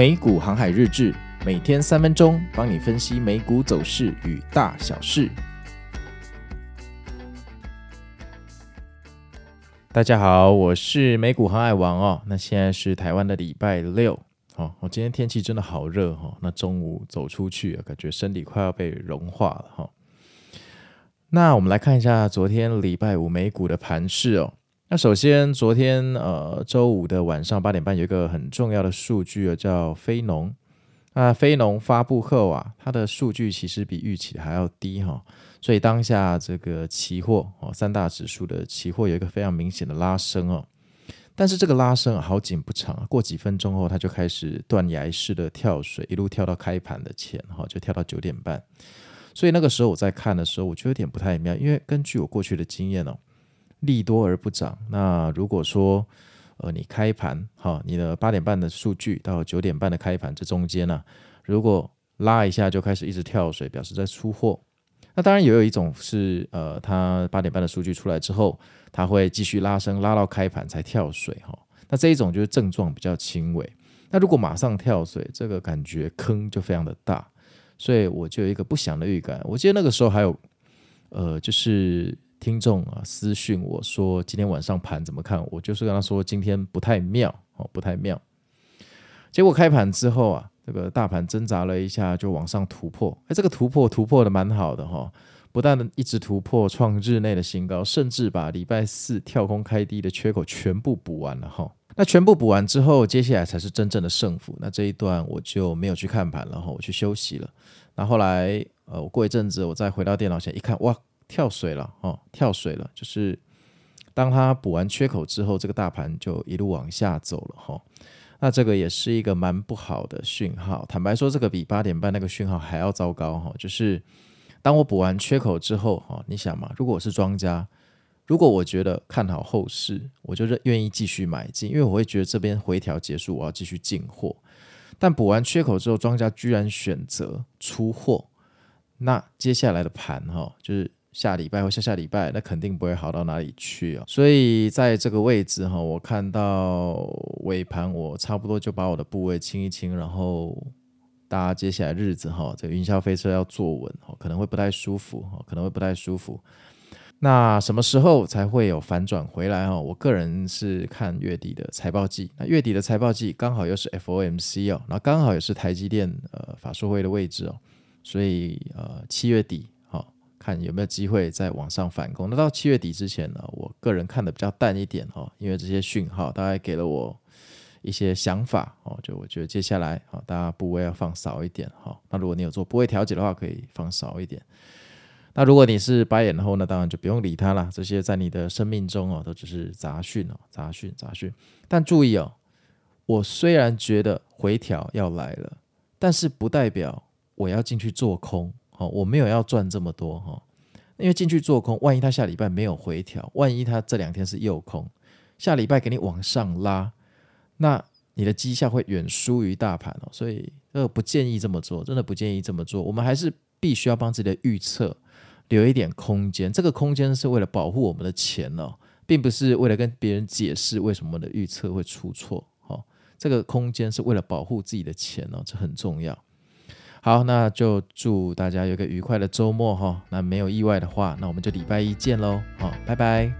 美股航海日誌，每天三分鐘，幫你分析美股走勢與大小事。大家好，我是美股航海王哦。那現在是台灣的禮拜六哦。我今天天氣真的好熱哦。那中午走出去感覺身體快要被融化了哈、哦。那我們來看一下昨天禮拜五美股的盤勢哦。那首先，昨天呃週五的晚上八點半，有一個很重要的數據啊，叫非農。那非農發布後啊，它的數據其實比預期還要低哈、哦，所以當下這個期貨哦，三大指數的期貨有一個非常明顯的拉升哦，但是這個拉升，啊、好景不長，過幾分鐘後它就開始斷崖式的跳水，一路跳到開盤的前，哈、哦、就跳到九點半。所以那個時候我在看的時候，我就有點不太妙，因為根據我過去的經驗哦。利多而不漲，那如果說，呃，你開盤哈、哦，你的八點半的數據到九點半的開盤這中間呢、啊，如果拉一下就開始一直跳水，表示在出貨。那當然也有一種是，呃，它八點半的數據出來之後，它會繼續拉升，拉到開盤才跳水哈、哦。那這一種就是症狀比較輕微。那如果馬上跳水，這個感覺坑就非常的大。所以我就有一個不祥的預感。我記得那個時候還有，呃，就是。聽眾啊，私訊我說今天晚上盤怎麼看？我就是跟他說今天不太妙，哦，不太妙。結果開盤之後啊，這個大盤掙扎了一下，就往上突破。誒，這個突破突破的蠻好的哈、哦，不但一直突破創日內的新高，甚至把禮拜四跳空開低的缺口全部補完了哈、哦。那全部補完之後，接下來才是真正的勝負。那這一段我就沒有去看盤了哈、哦，我去休息了。那後來呃，我過一陣子，我再回到電腦前一看，哇！跳水了，哦，跳水了，就是當它補完缺口之後，這個大盤就一路往下走了，哈、哦，那這個也是一個蠻不好的訊號。坦白說，這個比八點半那個訊號還要糟糕，哈、哦，就是當我補完缺口之後，哈、哦，你想嘛，如果我是莊家，如果我覺得看好後市，我就願意繼續買進，因為我會覺得這邊回調結束，我要繼續進貨。但補完缺口之後，莊家居然選擇出貨，那接下來的盤，哈、哦，就是。下禮拜或下下禮拜，那肯定不會好到哪裡去哦。所以在這個位置哈、哦，我看到尾盤，我差不多就把我的部位清一清。然後大家接下來日子哈、哦，這個雲霄飛車要坐穩，可能會不太舒服，可能會不太舒服。那什麼時候才會有反轉回來哈、哦？我個人是看月底的財報季。那月底的財報季剛好又是 FOMC 哦，然後剛好也是台積電呃法說會的位置哦。所以呃七月底。看有沒有機會再往上反攻？那到七月底之前呢，我個人看的比較淡一點哦，因為這些訊號大概給了我一些想法哦。就我覺得接下來，啊，大家部位要放少一點哈。那如果你有做部位調節的話，可以放少一點。那如果你是白眼的話，那當然就不用理它啦。這些在你的生命中哦，都只是雜訊哦，雜訊雜訊。但注意哦，我雖然覺得回調要來了，但是不代表我要進去做空。哦，我沒有要賺這麼多哈，因為進去做空，萬一他下禮拜沒有回調，萬一他這兩天是誘空，下禮拜給你往上拉，那你的績效會遠輸於大盤哦，所以呃不建議這麼做，真的不建議這麼做。我們還是必須要幫自己的預測留一點空間，這個空間是為了保護我們的錢哦，並不是為了跟別人解釋為什麼我們的預測會出錯。哦，這個空間是為了保護自己的錢哦，這很重要。好，那就祝大家有個愉快的週末哈。那沒有意外的話，那我們就禮拜一見嘍。好，拜拜。